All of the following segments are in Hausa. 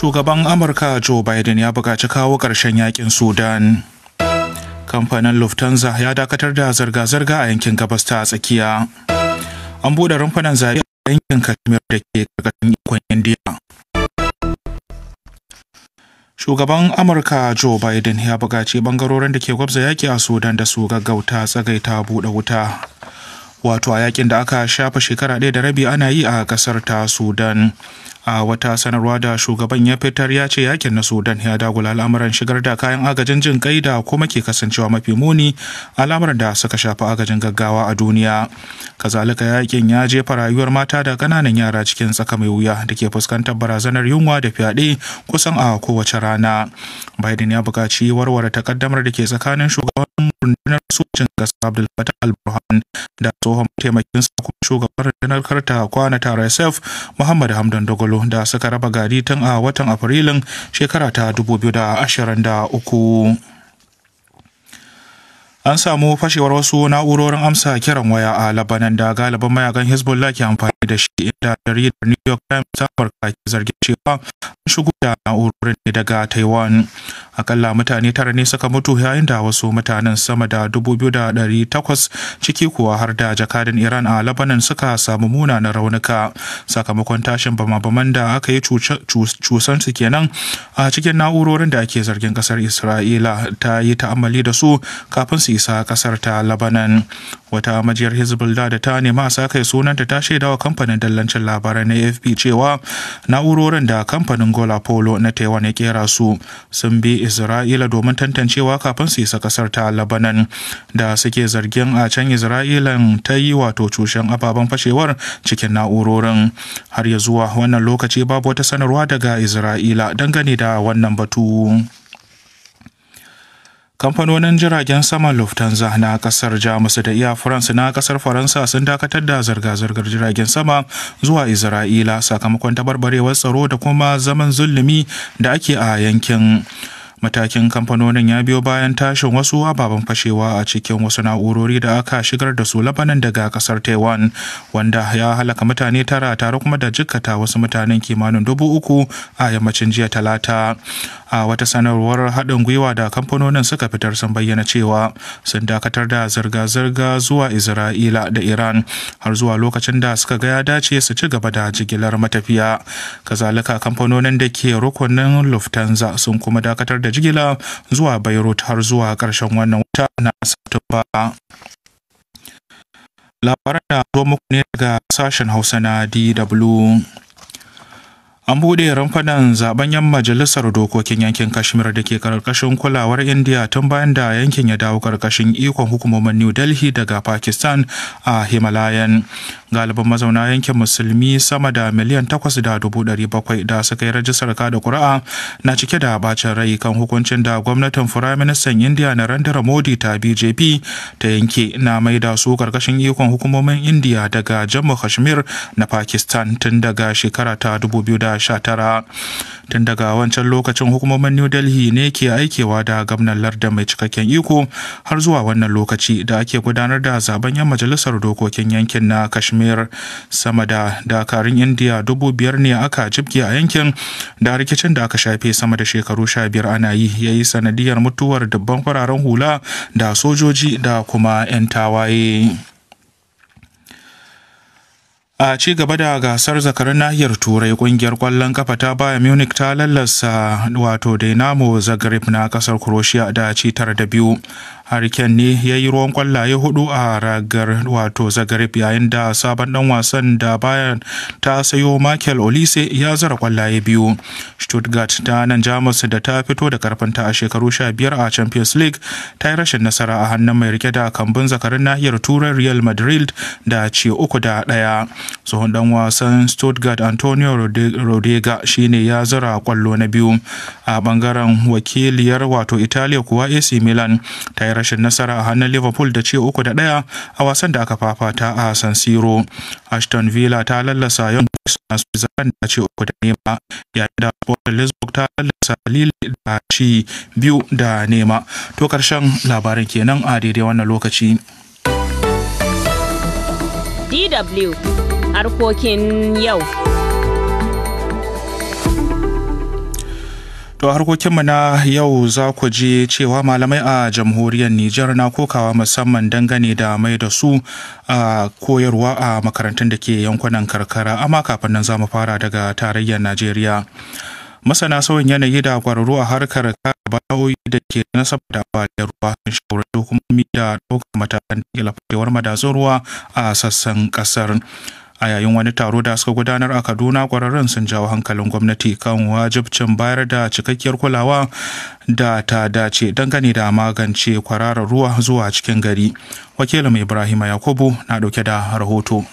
shugaban amurka joe biden ya buƙaci kawo ƙarshen yakin sudan kamfanin lufthansa ya dakatar da zirga-zirga a yankin gabas ta tsakiya an buɗe rumfunan zaɓe a yankin kashmir da ke ƙarƙashin ikon indiya shugaban amurka joe biden ya buƙaci ɓangarorin da ke gwabza yaki a sudan da su gaggauta tsagaita buɗe wuta wato a yakin da aka shafa shekara ɗaya da rabi ana yi a ƙasar ta sudan a wata sanarwa da shugaban ya fitar ya ce yakin na sudan ya dagula al'amuran shigar da kayan agajin jin kai da kuma ke kasancewa mafi muni al'amuran da suka shafi agajin gaggawa a duniya kazalika yakin ya jefa rayuwar mata da kananan yara cikin tsaka mai wuya da ke fuskantar barazanar yunwa da fyaɗe kusan a kowace rana biden ya buƙaci warware takaddamar da ke tsakanin shugaban rundunar sojin gas Abdul Fattah al-Burhan da tsohon mataimakin sa kuma shugaban rundunar karta kwana tara SF Muhammad Hamdan Dogolo da suka raba gari tun a watan Afrilun shekara ta 2023. an samu fashewar wasu na'urorin amsa kiran waya a labanan da galibin mayakan hezbollah ke amfani da shi inda jaridar new york times ta farka ke zargin cewa an shigo da na'urorin ne daga taiwan akalla mutane tara ne suka mutu yayin da wasu mutanen sama da 2,800 ciki kuwa har da jakadin iran a labanan suka samu munanan raunuka sakamakon tashin bama-baman da aka yi cusan su kenan a cikin na'urorin da ake zargin kasar isra'ila ta yi ta'amali da su kafin su isa kasar ta labanan wata majiyar hezbollah da ta nema a sakai sunanta ta shaidawa kamfanin dallancin labarai na afp cewa na'urorin da kamfanin gola polo na taiwan ya kera su sun bi isra'ila domin tantancewa kafin su isa kasar ta labanan da suke zargin a can isra'ilan ta yi wato cushen ababen fashewar cikin na'urorin har ya zuwa wannan lokaci babu wata sanarwa daga isra'ila dangane da wannan batu. kamfanonin jiragen saman lufthansa na kasar jamus da iya france na kasar faransa sun dakatar da zirga-zirgar jiragen sama zuwa isra'ila sakamakon tabarbarewar tsaro da kuma zaman zulumi da ake a yankin matakin kamfanonin ya biyo bayan tashin wasu ababen fashewa a cikin wasu na'urori da aka shigar da su labanan daga kasar taiwan wanda ya halaka mutane tara tare kuma da jikkata wasu mutanen kimanin dubu uku a yammacin jiya talata a wata sanarwar haɗin gwiwa da kamfanonin suka fitar sun bayyana cewa sun dakatar da zirga-zirga zuwa isra'ila da iran har zuwa lokacin da suka gaya dace su ci gaba da jigilar matafiya kazalika kamfanonin da ke rukunin lufthansa sun kuma dakatar da jigila zuwa beirut har zuwa ƙarshen wannan wata na satumba labaran da zo muku ne daga sashen hausa na dw An buɗe ramfadan zaben yan majalisar dokokin yankin Kashmir da ke karkashin kulawar India tun bayan da yankin ya dawo karkashin ikon hukumomin New Delhi daga Pakistan a Himalayan. galibin mazauna yankin musulmi sama da miliyan takwas da dubu ɗari da suka yi rajistar kada kuri'a na cike da bacin rai kan hukuncin da gwamnatin firaministan indiya narendra modi ta bjp ta yanke na mai da su karkashin ikon hukumomin indiya daga jammu kashmir na pakistan tun daga shekara ta 2019 tun daga wancan lokacin hukumomin new delhi ne ke aikewa da gamnan larda mai cikakken iko har zuwa wannan lokaci da ake gudanar da zaben yan majalisar dokokin yankin na kashmir kashmir sama da dakarun indiya dubu biyar ne aka jibge a yankin da rikicin da aka shafe sama da shekaru sha biyar ana yi ya yi sanadiyar mutuwar dubban fararen hula da sojoji da kuma 'yan tawaye. a ci gaba da gasar zakarun nahiyar turai kungiyar kwallon kafa ta baya munich ta lallasa wato dinamo zagreb na kasar croatia da ci tara da biyu Harken ne ya yi ruwan kwallaye hudu a ragar wato Zagreb yayin da sabon dan wasan da bayan ta sayo Michael Olise ya zara kwallaye biyu. Stuttgart ta nan Jamus da ta fito da karfinta a shekaru sha biyar a Champions League ta yi rashin nasara a hannun mai rike da kambun zakarin nahiyar Turai Real Madrid da ce uku da ɗaya. Tsohon dan wasan Stuttgart Antonio Rodega ne ya zara kwallo na biyu. A bangaren wakiliyar wato italia kuwa AC Milan ta yi rashin nasara a hannun liverpool da ce uku da ɗaya a wasan da aka fafata a san siro ashton villa ta lallasa young boys na switzerland da ce uku da nema yayin da lisbon ta lallasa lille da ci biyu da nema to karshen labarin kenan a daidai wannan lokaci dw harkokin yau To harkokin mu na yau za ku ji cewa malamai a jamhuriyar Nijar na kokawa musamman dangane da mai da su a koyarwa a makarantun da ke yankunan karkara amma kafin nan za mu fara daga tarayyar Najeriya. Masana sauyin yanayi da kwararru a harkar kare da ke nasaba da ambaliyar ruwa sun shawarar hukumomi da ɗaukar matakan da lafafewar madatsun ruwa a sassan ƙasar. a yayin wani taro da suka gudanar a kaduna kwararren sun jawo hankalin gwamnati kan wajibcin bayar da cikakkiyar kulawa da ta dace dangane da magance kwararar ruwa zuwa cikin gari wakilin ibrahim yakubu na dauke da rahoto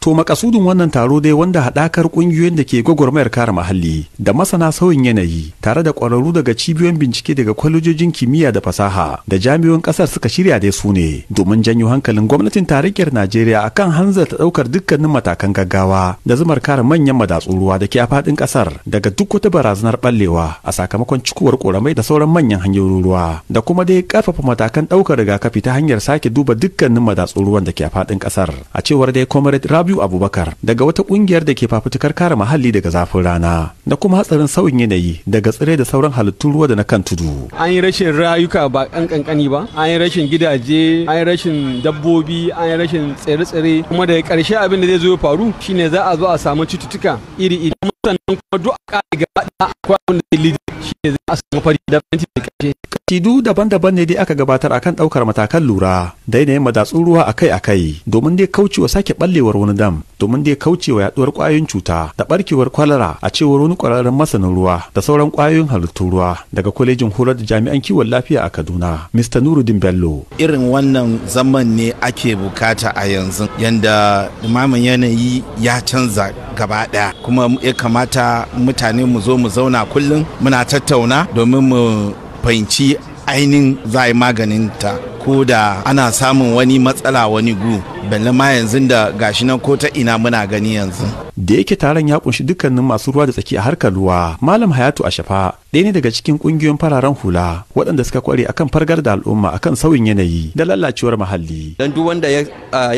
To makasudin wannan taro dai wanda haɗakar ƙungiyoyin da ke gwagwarmayar kare muhalli da masana sauyin yanayi tare da ƙwararru daga cibiyoyin bincike daga kwalejojin kimiyya da fasaha da jami'o'in ƙasar suka shirya dai su ne domin janyo hankalin gwamnatin tarayyar Najeriya akan ta ɗaukar dukkanin matakan gaggawa da zumar kare manyan madatsun ruwa da ke a faɗin ƙasar daga duk wata barazanar ɓallewa a sakamakon cikuwar ƙoramai da sauran manyan hanyoyin ruwa da kuma dai ƙarfafa matakan ɗaukar rigakafi ta hanyar sake duba dukkanin madatsun ruwan da ke a faɗin ƙasar a cewar dai Comrade Rabiu Abubakar daga wata kungiyar da ke fafutukar kare muhalli daga zafin rana da kuma hatsarin sauyin yanayi daga tsire da sauran halittun ruwa da na kan tudu. An yi rashin rayuka ba ɗan kankani ba, an yi rashin gidaje, an yi rashin dabbobi, an yi rashin tsire-tsire kuma daga ƙarshe abin da zai zo ya faru shine za a zo a samu cututtuka iri-iri. sannan kuma duk a ƙari gaba ɗaya akwai abin da zai lidi shi ne za a samu fari da fenti da ƙarshe. Tidu daban-daban ne dai aka gabatar akan ɗaukar matakan lura da yanayin madatsun ruwa akai-akai domin dai kaucewa sake ɓallewar wani dam domin dai kaucewa yaɗuwar ƙwayoyin cuta da ɓarkewar kwalara a cewar wani ƙwararren masanin ruwa da sauran ƙwayoyin halittun ruwa daga kwalejin horar da jami'an kiwon lafiya a Kaduna Mr. Nuruddin Bello. Irin wannan zaman ne ake bukata a yanzu yanda dumamin yanayi ya canza gaba daya kuma ya kamata mutane mu zo mu zauna kullum muna tattauna domin mu fahimci ainihin za a yi maganin ta ko da ana samun wani matsala wani gu balle ma yanzu da gashi nan ko ta ina muna gani yanzu da yake taron ya kunshi dukkanin masu ruwa da tsaki a harkar ruwa malam hayatu ashafa ɗaya ne daga cikin ƙungiyoyin fararen hula waɗanda suka kware akan fargar da al'umma akan sauyin yanayi da lalacewar muhalli dan duk wanda ya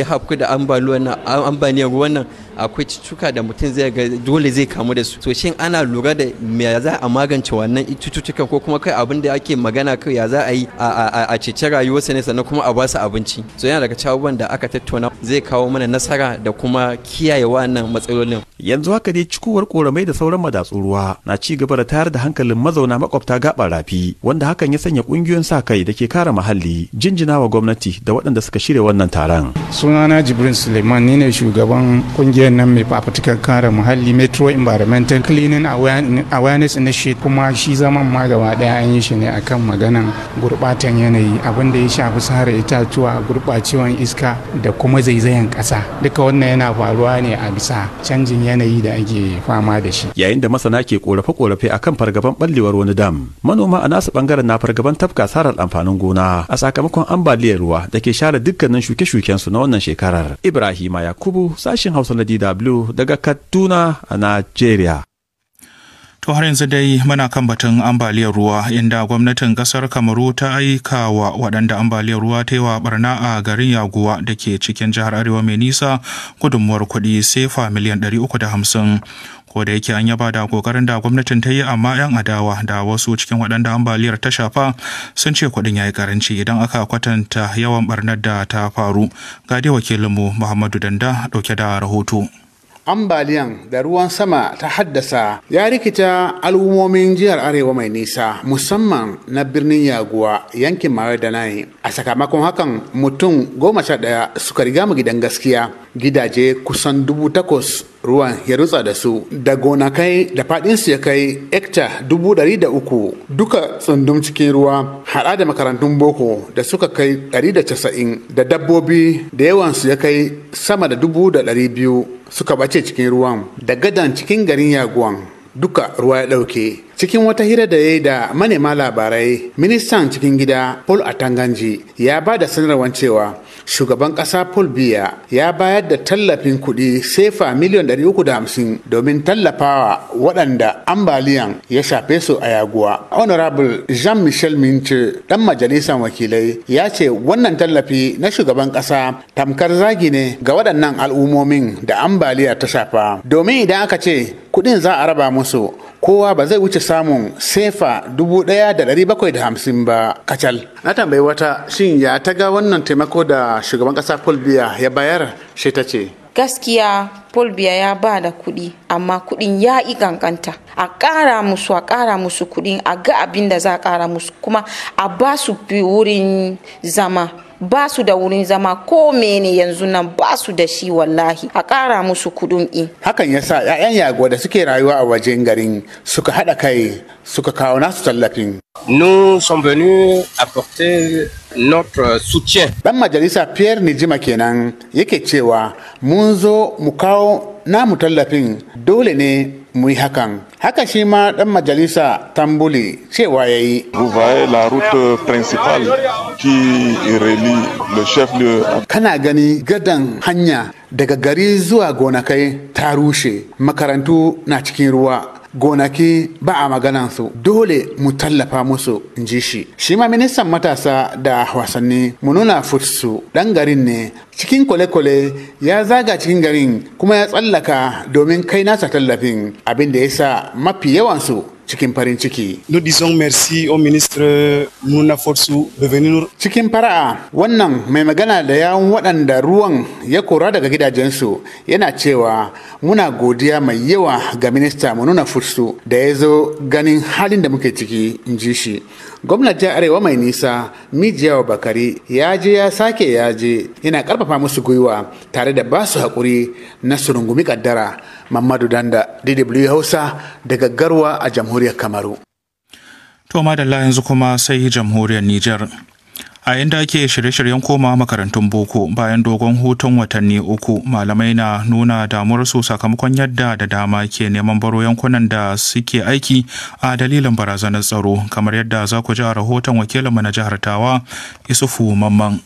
hafku da ambaliyar ruwan nan akwai cututtuka da mutum zai ga dole zai kamu da su to shin ana lura da me za a magance wannan cututtukan ko kuma kai abin da ake magana kai ya za a yi a cece rayuwarsa ne sannan kuma a basu abinci so yana daga abubuwan da aka tattu. tattauna zai kawo mana nasara da kuma kiyaye wannan matsalolin yanzu haka dai cikowar koramai da sauran madatsun ruwa na ci gaba da tayar da hankalin mazauna makwabta gaɓar rafi wanda hakan ya sanya kungiyoyin sa kai da ke kare muhalli jinjinawa gwamnati da waɗanda suka shirya wannan taron sunana jibrin suleiman ni ne shugaban ƙungiyar nan mai fafutukar kare muhalli metro environmental cleaning awareness initiative kuma shi zaman ma gaba ɗaya an yi shi ne akan maganan gurɓatan yanayi abin da ya shafi sare itatuwa gurbacewan iska da kuma zaizayen ƙasa duka wannan yana faruwa ne a bisa canjin yanayi da ake fama da shi yayin da masana ke korafe-korafe kan fargaban ɓallewar wani dam manoma a nasu ɓangaren na fargaban tafka sarar amfanin gona a sakamakon ambaliyar ruwa da ke share dukkanin shuke-shukensu na wannan shekarar ibrahima yakubu sashin hausa na dw daga kaduna a najeriya To har yanzu dai muna kan batun ambaliyar ruwa inda gwamnatin kasar Kamaru ta aika wa waɗanda ambaliyar ruwa ta yi wa barna a garin Yaguwa da ke cikin jihar Arewa mai nisa gudunmuwar kuɗi sefa miliyan 350. ko da yake an yaba da kokarin da gwamnatin ta yi amma yan adawa da wasu cikin waɗanda ambaliyar ta shafa sun ce kuɗin ya yi karanci idan aka kwatanta yawan barnar da ta faru ga dai wakilinmu muhammadu danda ɗauke da rahoto ambaliyan da ruwan sama ta haddasa ya rikita al'ummomin jihar arewa mai nisa musamman na birnin yaguwa yankin mara da nayi a sakamakon hakan mutum goma sha ɗaya suka riga mu gidan gaskiya gidaje kusan dubu takwas ruwan ya rutsa da su da gonakai da su ya kai ekta dubu ɗari da uku duka tsundum cikin ruwa haɗa da makarantun boko da suka kai ɗari da casa'in da dabbobi da yawan su ya kai sama da dubu da ɗari biyu suka bace cikin ruwan da gadan cikin garin yaguwan duka ruwa ya ɗauke cikin wata hira da ya yi da manema labarai ministan cikin gida paul atanganji ya ba da sanarwar cewa shugaban ƙasa paul biya ya bayar da tallafin kuɗi sefa miliyan 350 domin tallafawa waɗanda ambaliyan ya shafe su a yaguwa honorable jean michel mince ɗan majalisar wakilai ya ce wannan tallafi na shugaban ƙasa tamkar zagi ne ga waɗannan al'ummomin da ambaliya ta shafa domin idan aka ce kuɗin za a raba musu kowa ba zai wuce samun sefa 1,750 ba kacal. Na tambayi wata shin ya taga wannan taimako da shugaban kasa polbia ya bayar shi ta ce. Gaskiya Fulbiya ya ba da kuɗi amma kuɗin ya yi kankanta. A ƙara musu a ƙara musu kuɗin a ga abin da za a ƙara musu kuma a ba su wurin zama. ba su da wurin zama ko mene yanzu nan ba su da shi wallahi a kara musu kuɗin i. Hakan ya sa 'ya'yan yago da suke rayuwa a wajen garin suka haɗa kai suka kawo nasu tallafin. Nous sommes venus apporter notre soutien. Dan majalisa Pierre Nijima kenan yake cewa mun zo mu kawo namu tallafin dole ne muyi hakan haka shi ma dan majalisa tambuli cewa ya yi kana gani gadan hanya daga gari zuwa gonakai ta rushe makarantu na cikin ruwa gonaki ba a su dole mu tallafa musu in ji shi shi ma ministan matasa da wasanni mununa futsu dan garin ne cikin kwale-kwale ya zaga cikin garin kuma ya tsallaka domin kai nasa tallafin abin da ya sa mafi yawansu cikin farin ciki. Nous disons merci au ministre Muna Forsu de venir. Cikin fara'a wannan mai magana da yawon waɗanda ruwan ya kora daga gidajensu yana cewa muna godiya mai yawa ga minista Muna Forsu da ya zo ganin halin da muke ciki in ji shi. gwamnatin arewa mai nisa mijiyawa bakari ya je ya sake ya je yana karfafa musu gwiwa tare da basu haƙuri na su rungumi kaddara mamadu danda dw hausa daga garwa a jamhuriyar kamaru to madalla yanzu kuma sai jamhuriyar nijar. a inda ake shirye-shiryen koma makarantun boko bayan dogon hutun watanni uku malamai na nuna damuwar su sakamakon yadda da dama ke neman baro yankunan da suke aiki a dalilin barazanar tsaro kamar yadda za ku ji a rahoton wakilinmu na jihar tawa isufu mamman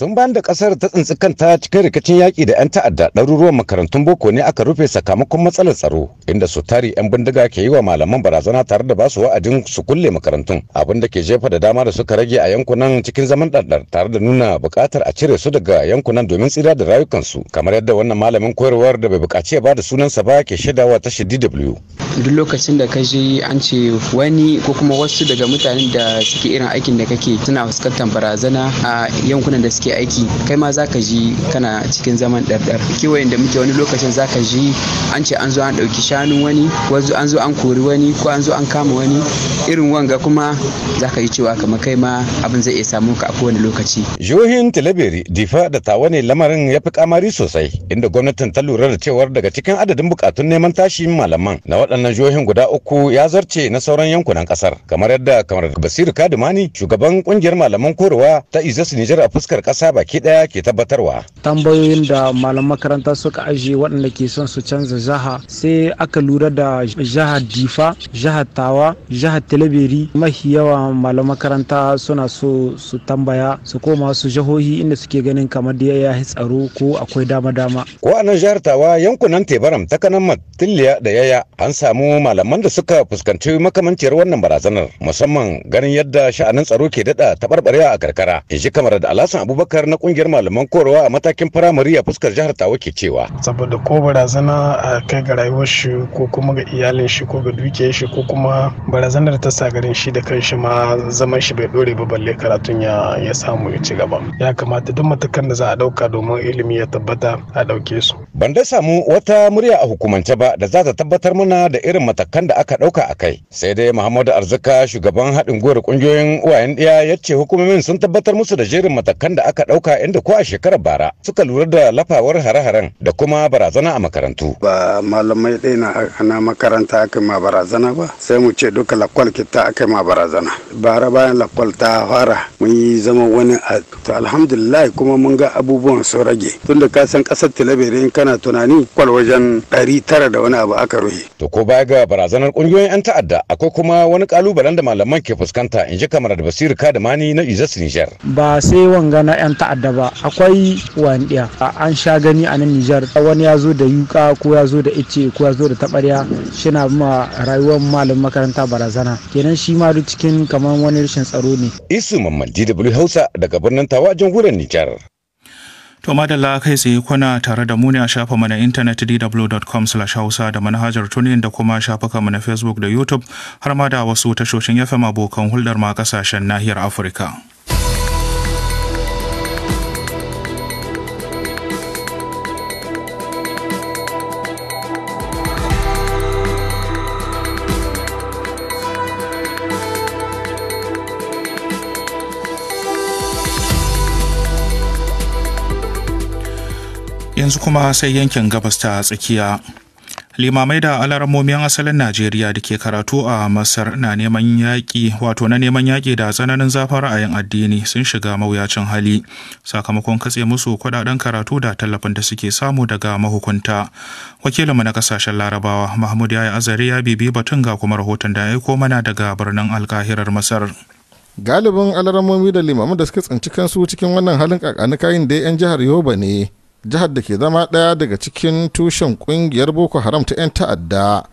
tun bayan da kasar ta tsinci kanta cikin rikicin yaƙi da 'yan ta'adda ɗaruruwan makarantun boko ne aka rufe sakamakon matsalar tsaro inda su tari 'yan bindiga ke yi wa malaman barazana tare da basu wa'adin su kulle makarantun abin da ke jefa da dama da suka rage a yankunan cikin zaman ɗarɗar tare da nuna buƙatar a cire su daga yankunan domin tsira da rayukansu kamar yadda wannan malamin koyarwar da bai buƙaci ya ba da sunansa ba ke shaidawa tashar dw duk lokacin da ka je an ce wani ko kuma wasu daga mutanen da suke irin aikin da kake suna fuskantar barazana a yankunan da suke aiki kai ma za ka ji kana cikin zaman ɗarɗar kewayen da muke wani lokacin za ka ji an ce an zo an ɗauki shanun wani wasu an zo an kori wani ko an zo an kama wani irin wanga kuma za ka yi cewa kamar kai ma abin zai iya samu ka a kowane lokaci. jihohin talabiri difa da tawa ne lamarin ya fi kamari sosai inda gwamnatin ta lura da cewar daga cikin adadin bukatun neman tashi malaman na waɗanda waɗannan jihohin guda uku ya zarce na sauran yankunan kasar kamar yadda kamar basiru kadimani shugaban kungiyar malaman korewa ta izasu nijar a fuskar kasa baki daya ke tabbatarwa tambayoyin da malaman makaranta suka ajiye waɗanda ke son su canza jaha sai aka lura da jihar difa jihar tawa jihar talabiri mahi yawa malaman makaranta suna so su tambaya su koma su jihohi inda suke ganin kamar da ya tsaro ko akwai dama-dama ko a nan jihar tawa yankunan tebaram ta kanan matilliya da yaya an sa samu malaman da suka fuskanci makamanciyar wannan barazanar musamman ganin yadda sha'anin tsaro ke daɗa taɓarɓarewa a karkara in shi kamar da alasan abubakar na ƙungiyar malaman korowa a matakin firamare a fuskar jihar tawa ke cewa saboda ko barazana a kai ga rayuwar shi ko kuma ga iyalin shi ko ga dukiyar shi ko kuma barazanar ta sa garin shi da kanshi ma zaman shi bai dore ba balle karatun ya ya samu ya ci gaba ya kamata duk matakan da za a ɗauka domin ilimi ya tabbata a ɗauke su ban da samu wata murya a hukumance ba da za ta tabbatar mana da irin matakan da aka dauka a kai sai dai muhammadu arzika shugaban haɗin gwiwar kungiyoyin uwayen ɗiya ya ce hukumomin sun tabbatar musu da jerin matakan da aka dauka inda ko a shekarar bara suka lura da lafawar hare-haren da kuma barazana a makarantu. ba malamai ɗaya na na makaranta aka ma barazana ba sai mu ce duka lakwal kita aka ma barazana bara bayan lakwal ta fara mun yi zama wani a to alhamdulillah kuma mun ga abubuwan sun rage tunda ka san kasar talabere kana tunani kwal wajen ɗari tara da wani abu aka ruhe. to ko baya ga barazanar kungiyoyin 'yan ta'adda akwai kuma wani kalubalen da malaman ke fuskanta in ji kamar da basiru kadamani na izas niger ba sai wanga na 'yan ta'adda ba akwai wandiya an sha gani a nan niger wani ya zo da yuka ko ya zo da ice ko ya zo da tabarya shina ma rayuwar malam makaranta barazana kenan shi ma duk cikin kamar wani rashin tsaro ne isu mamman dw hausa daga birnin tawa jamhuriyar niger To madalla kai tsaye kuna tare da mu ne a shafa mana intanet dw.com hausa da manhajar tunin da kuma kama na Facebook da YouTube har ma da wasu tashoshin FM abokan hulɗar ma ƙasashen nahiyar Afirka. yanzu kuma sai yankin gabas ta tsakiya limamai da alaramomin asalin najeriya da ke karatu a masar na neman yaƙi wato na neman yaƙi da tsananin zafin ra'ayin addini sun shiga mawuyacin hali sakamakon katse musu kuɗaɗen karatu da tallafin da suke samu daga mahukunta wakilinmu na kasashen larabawa mahmud yaya azari ya bibi batun ga kuma rahoton da ya aiko mana daga birnin alkahirar masar galibin alaramomi da limamai da suka tsinci kansu cikin wannan halin kakani kayan da 'yan jihar yoba ne jihar da ke zama ɗaya daga cikin tushen ƙungiyar boko haram ta 'yan ta'adda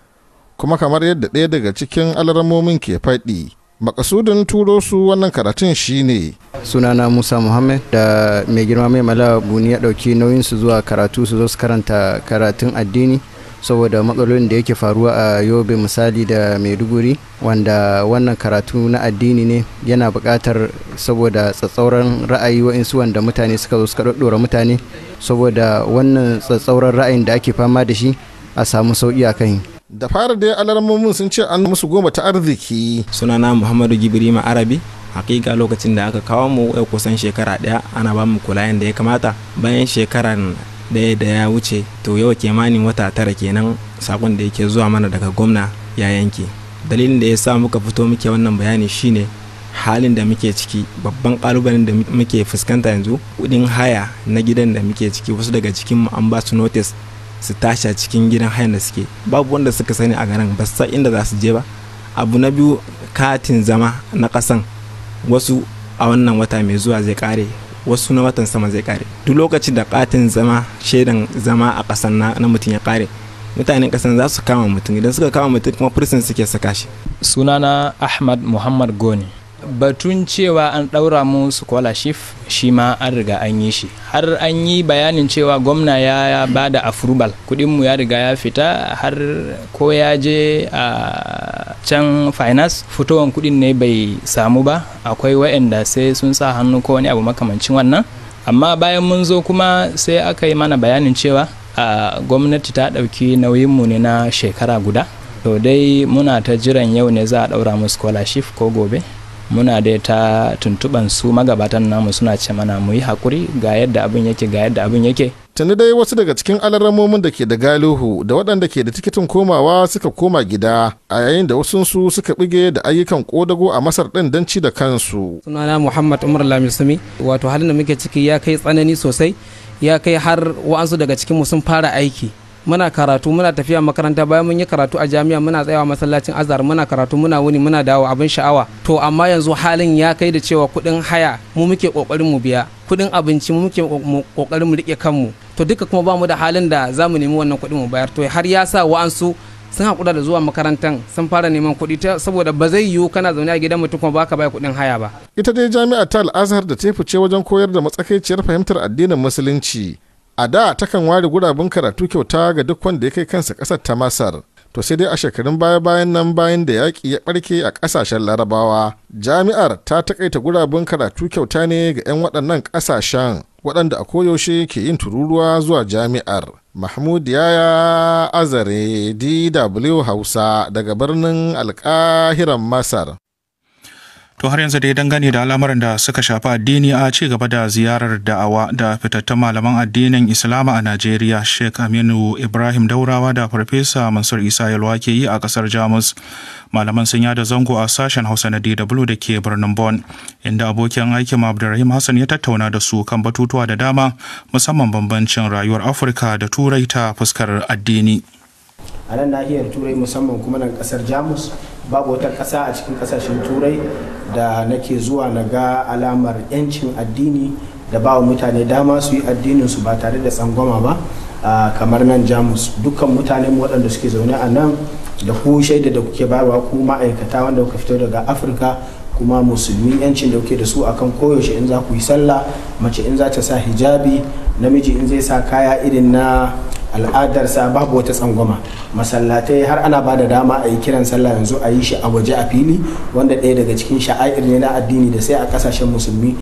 kuma kamar yadda ɗaya daga cikin alarmomin ke faɗi makasudin turo su wannan karatun shine sunana musa muhammad da mai girma mai mala buni ya ɗauki nauyin su zuwa karatu su zo su karanta karatun addini saboda matsalolin da yake faruwa a yobe misali da maiduguri wanda wannan karatu na addini ne yana buƙatar saboda tsatsauran ra'ayi wa'insu wanda mutane suka zo suka ɗaɗɗora mutane saboda wannan tsatsauran ra'ayin da ake fama da shi a samu sauƙi a kan da fara dai alarmomin sun ce an musu goma ta arziki sunana muhammadu gibrima arabi hakika lokacin da aka kawo mu kusan shekara ɗaya ana bamu mu da ya kamata bayan shekaran daya da ya wuce to yau kimanin wata tara kenan sakon da yake zuwa mana daga gwamna ya yanke dalilin da ya sa muka fito muke wannan bayani shine halin da muke ciki babban kalubalen da muke fuskanta yanzu kudin haya na gidan da muke ciki wasu daga cikin mu an ba su notice su tashi cikin gidan hayan da suke babu wanda suka sani a garin ba san inda za su je ba abu na biyu katin zama na kasan wasu a wannan wata mai zuwa zai kare wasu na watan sama zai kare duk lokacin da katin zama shaidan zama a kasan na mutum ya kare mutanen kasan za su kama mutum idan suka kama mutum kuma fursun suke saka shi sunana ahmad muhammad goni batun cewa an ɗaura mu scholarship shi ma an riga an yi shi har an yi bayanin cewa gwamna ya ba da afrubal kudinmu ya riga ya fita har ko ya je a can finance fitowan kudin ne bai samu ba akwai wa'anda sai sun sa hannu ko wani abu makamancin wannan amma bayan mun zo kuma sai aka yi mana bayanin cewa a gwamnati ta ɗauki nauyinmu ne na shekara guda to dai muna ta jiran yau ne za a ɗaura mu scholarship ko gobe muna da ta tuntuban su magabatan namu suna ce mana mu yi hakuri ga yadda abin yake ga yadda abin yake tuni dai wasu daga cikin alarramomin da ke da galihu da waɗanda ke da tikitin komawa suka koma gida a yayin da wasu su suka bige da ayyukan kodago a masar ɗin don ci da kansu sunana muhammad umar lamisumi wato halin da muke ciki ya kai tsanani sosai ya kai har wa'ansu daga cikin mu sun fara aiki muna karatu muna tafiya makaranta bayan mun yi karatu a jami'a muna tsayawa masallacin azhar muna karatu muna wuni muna dawo abin sha'awa to amma yanzu halin ya kai da cewa kuɗin haya mu muke kokarin mu biya kuɗin abinci mu muke kokarin mu rike kanmu to duka kuma bamu da halin da za mu nemi wannan kuɗin mu bayar to har ya sa wa'ansu sun haƙura da zuwa makarantar sun fara neman kuɗi saboda ba zai yiwu kana zaune a gidan mutum kuma baka bai kuɗin haya ba. Ita dai jami'a ta al'azhar da ta fice wajen koyar da matsakaiciyar fahimtar addinin musulunci a da takan ware guraben karatu kyauta ga duk wanda ya kai kansa ƙasar ta masar to sai dai a shekarun baya-bayan nan bayan da yaƙi ya ɓarke a ƙasashen larabawa jami'ar ta taƙaita guraben karatu kyauta ne ga 'yan waɗannan ƙasashen waɗanda a koyaushe ke yin tururuwa zuwa jami'ar mahmud yaya azare dw hausa daga birnin alƙahiran masar To har yanzu dai dangane da al'amuran da suka shafi addini a ci gaba da ziyarar da'awa da fitattun malaman addinin Islama a Najeriya Sheikh Aminu Ibrahim Daurawa da Farfesa Mansur Isa Yalwa ke yi a kasar Jamus. Malaman sun yada zango a sashen Hausa na DW da ke birnin Bon, inda abokin aikin Abdulrahim Hassan ya tattauna da su kan batutuwa da dama musamman bambancin rayuwar Afirka da Turai ta fuskar addini. a nan nahiyar turai musamman kuma nan kasar jamus babu wata ƙasa a cikin ƙasashen turai da nake zuwa na ga alamar 'yancin addini da ba mutane dama su yi addinin su ba tare da tsangwama ba kamar nan jamus dukkan mutane waɗanda suke zaune a nan da ku shaida da kuke bayarwa ku ma'aikata wanda kuka fito daga afirka kuma musulmi yancin da kuke da su akan koyaushe in za ku yi sallah mace in za ta sa hijabi namiji in zai sa kaya irin na al'adarsa babu wata tsangwama masallatai har ana ba da dama a yi kiran sallah yanzu a yi shi a waje a fili wanda ɗaya daga cikin sha'air ne na addini da sai a ƙasashen musulmi